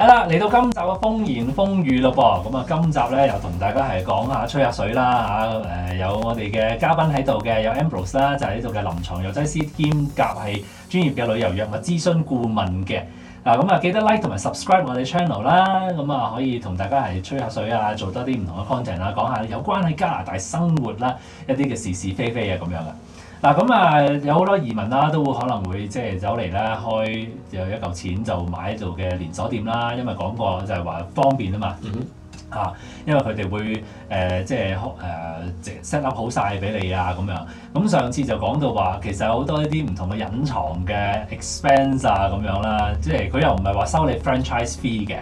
係啦，嚟到今集嘅風言風語咯噃，咁啊今集咧又同大家係講下吹下水啦嚇，誒、呃、有我哋嘅嘉賓喺度嘅，有 Ambrose 啦，就係呢度嘅臨床藥劑師兼夾係專業嘅旅遊藥物諮詢顧問嘅。嗱，咁啊、嗯，記得 like 同埋 subscribe 我哋 channel 啦，咁啊、啊可以同大家係吹下水啊，做多啲唔同嘅 content 啊，講下有關喺加拿大生活啦、啊、一啲嘅是是非非啊，咁樣啊。嗱、啊，咁啊有好多移民啦、啊，都會可能會即係走嚟啦，開有一嚿錢就買度嘅連鎖店啦，因為講過就係話方便啊嘛。Mm hmm. 嚇、啊，因為佢哋會誒、呃、即係誒 set up 好晒俾你啊咁樣。咁上次就講到話，其實有好多一啲唔同嘅隱藏嘅 expense 啊咁樣啦，即係佢又唔係話收你 franchise fee 嘅。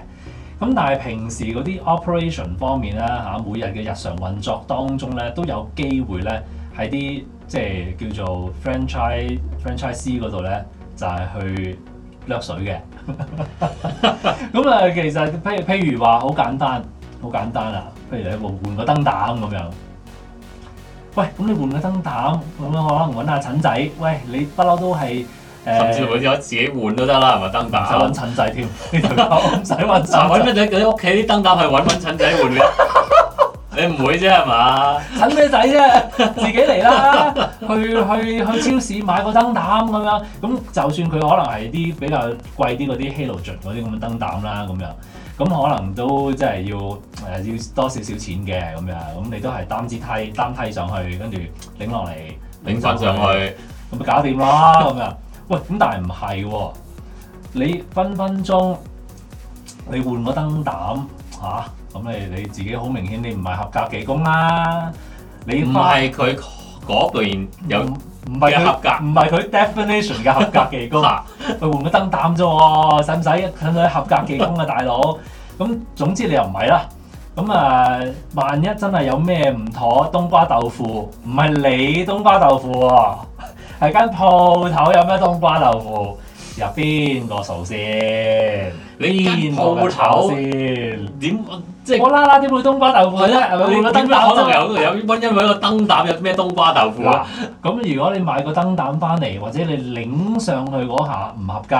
咁但係平時嗰啲 operation 方面咧嚇，每日嘅日常運作當中咧都有機會咧喺啲即係叫做 franchise, franchise franchisee 嗰度咧就係、是、去掠水嘅。咁啊，其實譬譬如話好簡單。好簡單啊，譬如你喺度換個燈膽咁樣。喂，咁你換個燈膽咁樣，我可能揾下陳仔。喂，你不嬲都係誒，欸、甚至乎自己換都得啦，係咪燈膽？揾陳仔添，唔使揾。揾咩 你喺屋企啲燈膽係揾揾陳仔換嘅。 你唔會啫係嘛？陳咩仔啫？自己嚟啦， 去去去超市買個燈膽咁樣。咁就算佢可能係啲比較貴啲嗰啲 Halogen 嗰啲咁嘅燈膽啦，咁樣。咁可能都即係要誒、呃、要多少少錢嘅咁樣，咁你都係單支梯單梯上去，跟住拎落嚟拎翻上去，咁咪搞掂啦咁樣。喂，咁但係唔係喎？你分分鐘你換個燈膽吓，咁、啊、你你自己好明顯、啊，你唔係合格技工啦。你唔係佢。嗰邊有唔係合格，唔係佢 definition 嘅合格技工，佢 換個燈膽咋喎？使唔使請個合格技工啊，大佬？咁總之你又唔係啦。咁啊，萬一真係有咩唔妥，冬瓜豆腐唔係你冬瓜豆腐喎，啊，係間鋪頭有咩冬瓜豆腐？入邊個數先？你邊鋪頭先？點即係我、哦、啦啦點會冬瓜豆腐咧？有冇燈膽入？有冇因因為個燈膽有咩冬瓜豆腐啊？咁如果你買個燈膽翻嚟，或者你擰上去嗰下唔合格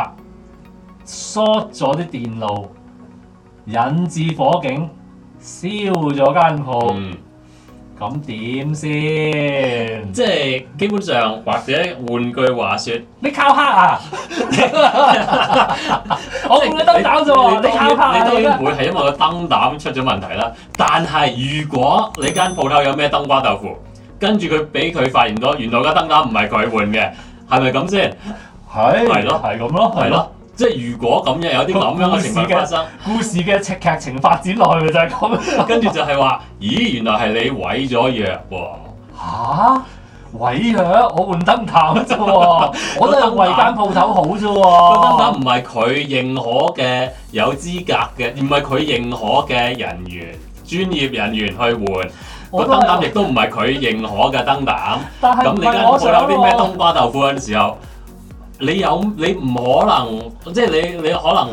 ，short 咗啲電路，引致火警，燒咗間鋪。嗯咁點先？樣樣即係基本上，或者換句話說，你靠嚇啊！我換個燈膽啫，你靠嚇你，你， 你都唔會係因為個燈膽出咗問題啦。但係如果你間鋪頭有咩冬瓜豆腐，跟住佢俾佢發現到，原來個燈膽唔係佢換嘅，係咪咁先？係是，係咯了，係咁咯，係咯。即係如果咁樣有啲咁樣嘅情況發生，故事嘅劇情發展落去就係咁。 跟住就係話，咦，原來係你毀咗藥喎？嚇！毀藥？我換燈膽啫喎， 我都係為檔間鋪頭好啫喎、啊。燈膽唔係佢認可嘅，有資格嘅，唔係佢認可嘅人員、專業人員去換。個燈膽亦都唔係佢認可嘅燈膽。但係咁你而家我有啲咩冬瓜豆腐嘅時候？你有你唔可能，即係你你可能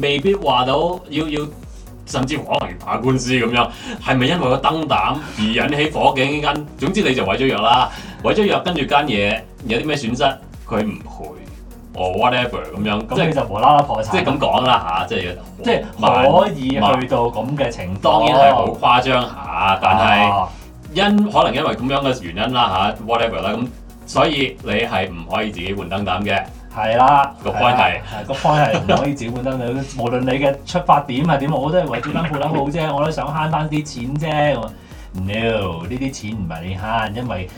未必話到要要，甚至可能打官司咁樣，係咪因為個燈膽而引起火警呢間？ 總之你就毀咗藥啦，毀咗藥跟住間嘢有啲咩損失，佢唔賠哦 whatever 咁樣，即係就無啦啦破產。即係咁講啦嚇，即係即係可以去到咁嘅程度。當然係好誇張嚇，哦、但係因可能因為咁樣嘅原因啦嚇，whatever 啦咁。所以你係唔可以自己換燈膽嘅。係啦，個 point 係，個 point 係唔可以自己換燈膽。 無論你嘅出發點係點，我都係為住間鋪頭好啫，我都想慳翻啲錢啫。我 No，呢啲錢唔係你慳，因為。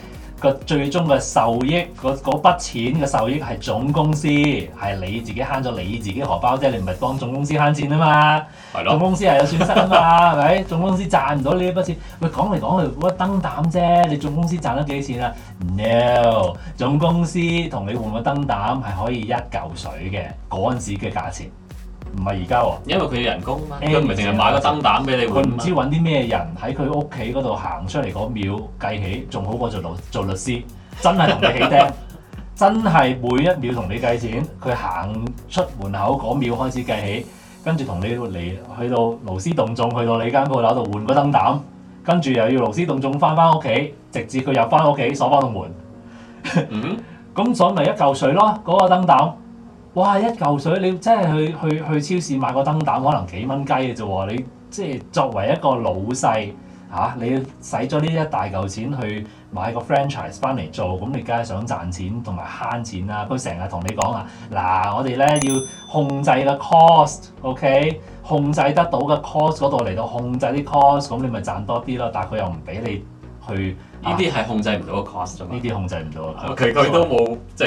個最終嘅受益，個嗰筆錢嘅受益係總公司，係你自己慳咗你自己荷包啫，你唔係幫總公司慳錢啊嘛，總公司係有損失啊嘛，係咪？總公司賺唔到呢一筆錢，喂講嚟講去換燈膽啫，你總公司賺得幾錢啊？No，總公司同你換個燈膽係可以一嚿水嘅嗰陣時嘅價錢。唔係而家喎，哦、因為佢要人工，佢唔係淨係買個燈膽俾你換，佢唔知揾啲咩人喺佢屋企嗰度行出嚟嗰秒計起，仲好過做律做律師，真係同你起釘， 真係每一秒同你計錢。佢行出門口嗰秒開始計起，跟住同你嚟去到勞師動眾，去到你間鋪頭度換個燈膽，跟住又要勞師動眾翻返屋企，直至佢又返屋企鎖翻道門。 嗯，咁所以咪一嚿水咯，嗰、嗰個燈膽。哇！一嚿水你真係去去去超市買個燈膽，可能幾蚊雞嘅啫喎！你即係作為一個老細嚇、啊，你使咗呢一大嚿錢去買個 franchise 翻嚟做，咁你梗係想賺錢同埋慳錢啦！佢成日同你講啊，嗱、啊，我哋咧要控制個 cost，OK？、Okay? 控制得到個 cost 嗰度嚟到控制啲 cost，咁你咪賺多啲咯。但係佢又唔俾你去，呢啲係控制唔到個 cost 啫。呢啲控制唔到，佢佢都冇即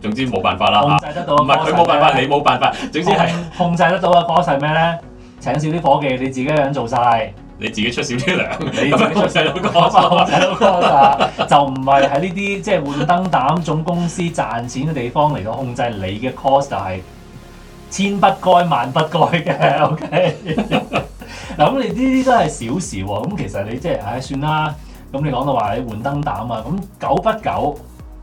總之冇辦法啦，控制得到。唔係佢冇辦法，已你冇辦法。總之係控制得到嘅 cost 係咩咧？請少啲伙計，你自己一個人做晒，你自己出少啲糧，你自己出細佬哥啊！就唔係喺呢啲即係換燈膽總公司賺錢嘅地方嚟到控制你嘅 cost 就係千不該萬不該嘅。OK，嗱，咁你呢啲都係小事喎。咁其實你即係唉、哎、算啦。咁你講到話你換燈膽啊，咁久不久。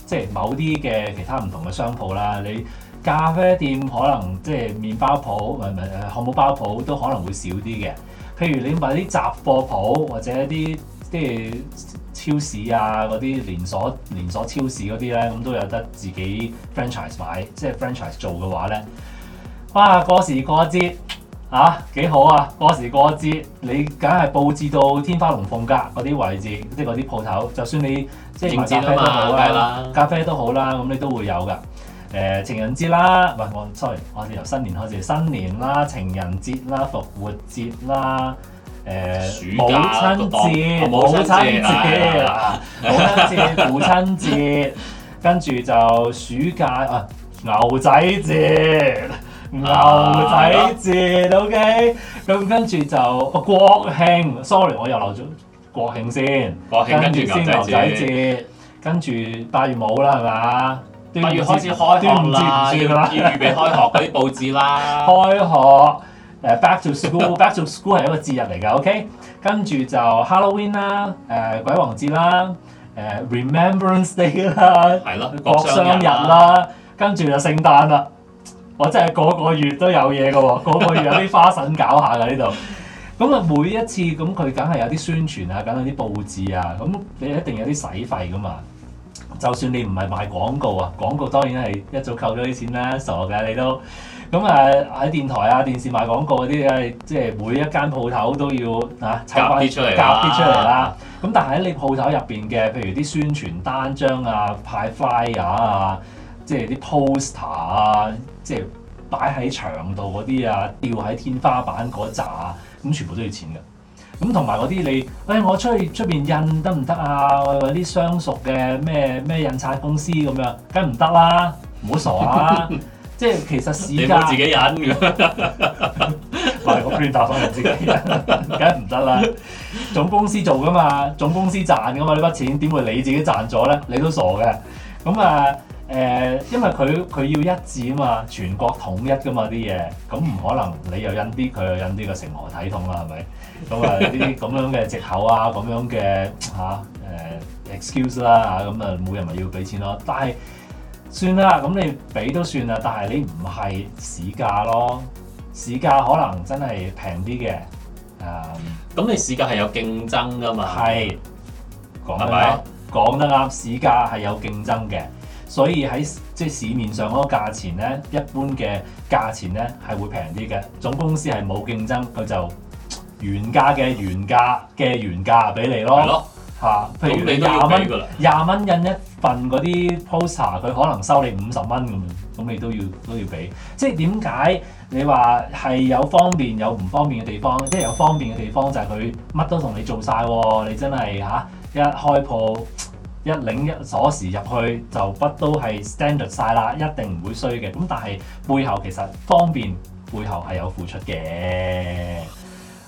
即係某啲嘅其他唔同嘅商鋪啦，你咖啡店可能即係麵包鋪，唔係，呃漢堡包鋪都可能會少啲嘅。譬如你買啲雜貨鋪或者一啲即係超市啊嗰啲連鎖連鎖超市嗰啲咧，咁、嗯、都有得自己 franchise 買，即係 franchise 做嘅話咧，哇過時過節啊幾好啊！過時過節你梗係佈置到天花龍鳳格嗰啲位置，即係嗰啲鋪頭，就算你。即係都好啦，啦咖啡都好啦，咁你都會有㗎。誒、呃、情人節啦，唔係，我 sorry，我哋由新年開始，新年啦，情人節啦，復活節啦，誒、呃、假母親節，黨母親節，母親節，母親節，跟住就暑假啊，牛仔節，啊、牛仔節吧，OK，咁跟住就、啊、國慶，sorry，我又漏咗。國慶先，國慶跟住着先牛仔節，仔節跟住八月冇啦，係嘛？八月開始開學啦，學要預備開學啲佈置啦。 開學誒，Back to School，Back to School 係一個節日嚟㗎，OK 跟。跟住就 Halloween 啦，誒鬼王節啦，誒、呃、Remembrance Day 啦，係咯了，國殤日啦，啊、跟住就聖誕啦。我真係個個月都有嘢㗎喎，個 個月有啲花神搞下㗎呢度。咁啊，每一次咁佢梗係有啲宣傳啊，梗係啲佈置啊，咁你一定有啲使費㗎嘛。就算你唔係賣廣告啊，廣告當然係一早扣咗啲錢啦，傻嘅你都咁、嗯、啊。喺電台啊、電視賣廣告嗰啲，係即係每一間鋪頭都要啲、啊、出嚟，翻啲出嚟啦。咁、嗯、但係喺你鋪頭入邊嘅，譬如啲宣傳單張啊、派 fly 啊，即係啲 poster 啊，即係擺喺牆度嗰啲啊，吊喺天花板嗰扎。咁全部都要錢嘅，咁同埋嗰啲你，誒、哎、我出去出面印得唔得啊？我有啲相熟嘅咩咩印刷公司咁樣，梗唔得啦，唔好傻啊。 即係其實市價。 自己印咁，賣個 brand 翻自己，梗唔得啦，總公司做噶嘛，總公司賺噶嘛，呢筆錢點會你自己賺咗咧？你都傻嘅，咁啊。誒，因為佢佢要一致啊嘛，全國統一噶嘛啲嘢，咁唔可能你又印啲，佢又印啲個成何體統啊？係咪咁啊？呢啲咁 樣嘅藉口啊，咁樣嘅吓誒 excuse 啦、啊、嚇，咁啊冇人咪要俾錢咯。但係算啦，咁你俾都算啦，但係你唔係市價咯，市價可能真係平啲嘅。誒、嗯，咁你市價係有競爭噶嘛？係，講得啱，講得啱 Right?，市價係有競爭嘅。所以喺即係市面上嗰個價錢咧，一般嘅價錢咧係會平啲嘅。總公司係冇競爭，佢就原價嘅原價嘅原價俾你咯。係咯了，嚇、啊，譬如你廿蚊廿蚊印一份嗰啲 poster，佢可能收你五十蚊咁樣，咁你都要都要俾。即係點解你話係有方便有唔方便嘅地方？即係有方便嘅地方就係佢乜都同你做晒喎、啊，你真係嚇、啊、一開鋪。一擰一鎖匙入去就不都係 standard 晒啦，一定唔會衰嘅。咁但係背後其實方便背後係有付出嘅。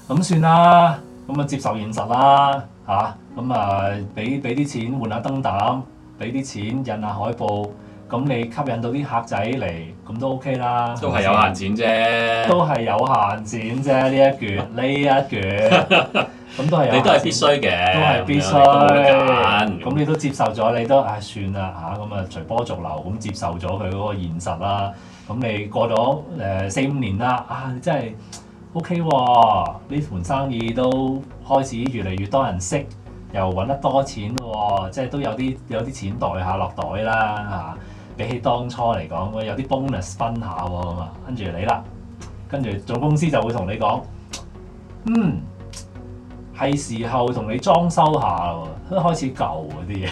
咁算啦，咁啊接受現實啦吓？咁啊俾俾啲錢換下燈膽，俾啲錢印下海報。咁你吸引到啲客仔嚟，咁都 OK 啦。都係有限錢啫，都係有限錢啫。呢一卷呢 一卷。 咁都係，你都係必須嘅，都係必須。咁你，你都接受咗，你都唉算啦嚇，咁啊隨波逐流咁接受咗佢嗰個現實啦。咁、啊啊、你過咗誒、呃、四五年啦，啊真係 O K 喎，呢、嗯、盤、okay, 啊、生意都開始越嚟越多人識，又搵得多錢喎、啊，即係都有啲有啲錢袋下落袋啦嚇、啊。比起當初嚟講，有啲 bonus 分下喎，咁啊跟住你啦，跟住總公司就會同你講，嗯。係時候同你裝修下喎，都開始舊嗰啲嘢，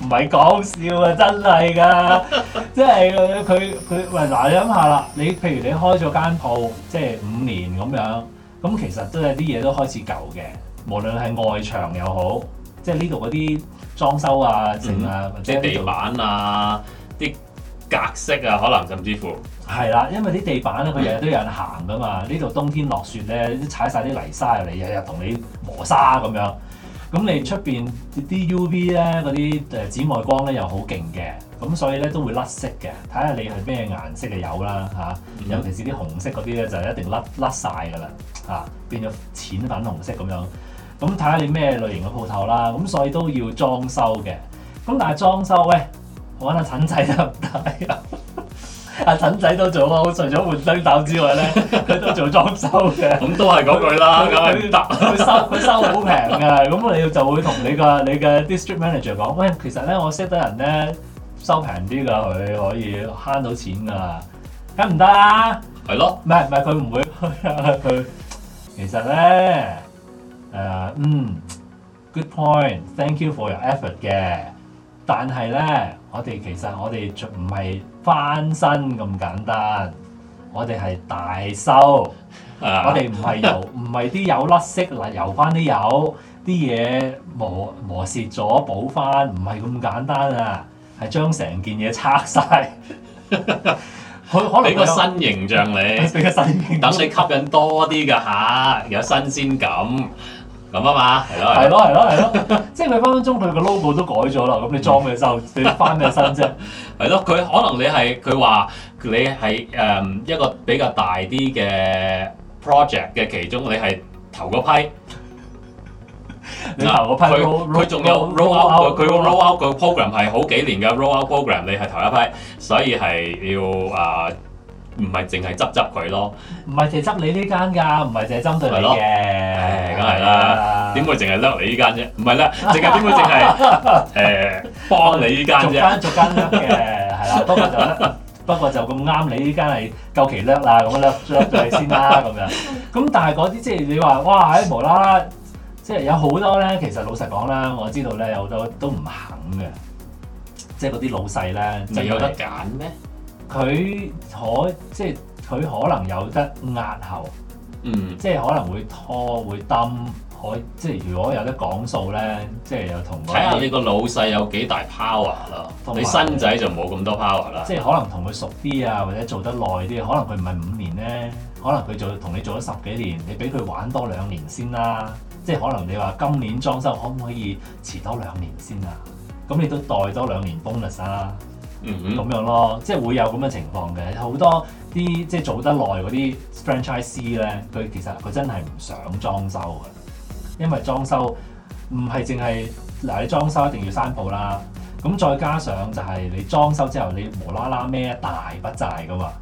唔係講笑啊，真係噶， 即係佢佢喂嗱，你諗下啦，你譬如你開咗間鋪，即係五年咁樣，咁其實都有啲嘢都開始舊嘅，無論係外牆又好，即係呢度嗰啲裝修啊，成啊、嗯，或者地板啊。格式啊，可能甚至乎係啦，因為啲地板咧，佢日日都有人行噶嘛。呢度冬天落雪咧，踩晒啲泥沙入嚟，日日同你磨砂咁樣。咁你出邊啲 U V 咧，嗰啲誒紫外光咧又好勁嘅，咁所以咧都會甩色嘅。睇下你係咩顏色嘅油啦嚇，尤其是啲紅色嗰啲咧，就一定甩甩曬噶啦嚇，變咗淺粉紅色咁樣。咁睇下你咩類型嘅鋪頭啦，咁所以都要裝修嘅。咁但係裝修咧。揾阿陳仔得唔得，阿陳仔都做啊！我除咗換燈膽之外咧，佢 都做裝修嘅。 咁都係嗰句啦，咁佢 收佢收好平嘅。咁我 你要就會同你嘅你嘅 district manager 講：「喂，其實咧我識得人咧收平啲㗎，佢可以慳到錢㗎。咁唔得，係咯？ 唔係唔係，佢唔會。 其實咧，誒、呃、嗯，good point，thank you for your effort 嘅。但係咧。我哋其實我哋唔係翻身咁簡單，我哋係大修，uh, 我哋唔係油唔係啲有甩色嗱，油翻啲油，啲嘢磨磨蝕咗補翻，唔係咁簡單啊，係將成件嘢拆晒。佢 可能俾 個新形象你，俾個新等你吸引多啲㗎吓，有新鮮感。咁啊嘛，係咯，係咯，係咯，係咯，即係佢分分鐘佢個 logo 都改咗啦。咁你裝嘅時候，你翻咩身啫？係咯，佢可能你係佢話你係誒一個比較大啲嘅 project 嘅其中，你係頭嗰批。你係頭批。佢佢仲有 roll out 佢個 roll out 佢 program 係好幾年嘅 roll out program，你係頭一批，所以係要啊，唔係淨係執執佢咯，唔係淨係執你呢間㗎，唔係淨係針對你嘅。係啦，點會淨係擸你呢間啫？唔係啦，點解點會淨係誒幫你呢間啫？逐間逐間擸嘅，係啦。不過就不過就咁啱你呢間係夠期擸啦，咁樣擸將佢先啦，咁樣。咁但係嗰啲即係你話哇，喺無啦啦，即係有好多咧。其實老實講啦，我知道咧有好多都唔肯嘅，即係嗰啲老細咧就有得揀咩？佢可即係佢可能有得押後。嗯，即係可能會拖會等，可以即係如果有得講數咧，即係又同我睇下你個老細有幾大 power 咯，他你新仔就冇咁多 power 啦。即係可能同佢熟啲啊，或者做得耐啲，可能佢唔係五年咧，可能佢做同你做咗十幾年，你俾佢玩多兩年先啦、啊。即係可能你話今年裝修可唔可以遲多兩年先啊？咁你都待多兩年 bonus 啦、啊。咁、嗯嗯、樣咯，即係會有咁嘅情況嘅，好多。啲即係做得耐嗰啲 franchise 咧、e，佢其實佢真係唔想裝修嘅，因為裝修唔係淨係嗱，你裝修一定要三鋪啦。咁再加上就係你裝修之後，你無啦啦孭一大筆債㗎嘛。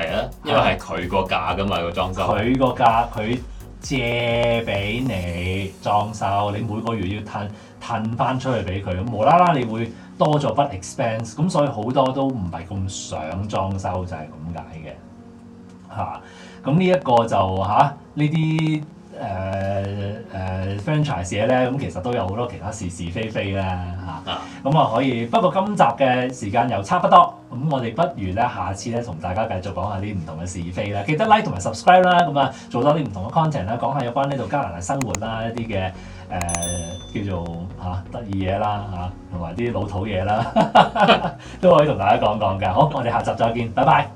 係啊，因為係佢個價㗎嘛，這個裝修。佢個價，佢借俾你裝修，你每個月要褪褪翻出去俾佢，咁無啦啦你會多咗筆 expense，咁所以好多都唔係咁想裝修，就係咁解嘅。吓，咁、啊、呢一個就吓，啊呃呃、呢啲誒誒 franchise 咧，咁其實都有好多其他是是非非啦吓，咁啊可以，不過今集嘅時間又差不多，咁我哋不如咧下次咧同大家繼續講下啲唔同嘅是非啦。記得 like 同埋 subscribe 啦，咁、嗯、啊做多啲唔同嘅 content 啦，講下有關呢度加拿大生活啦一啲嘅誒。呃叫做啊得意嘢啦啊，同埋啲老土嘢啦，都可以同大家講講㗎。好，我哋下集再見，拜拜。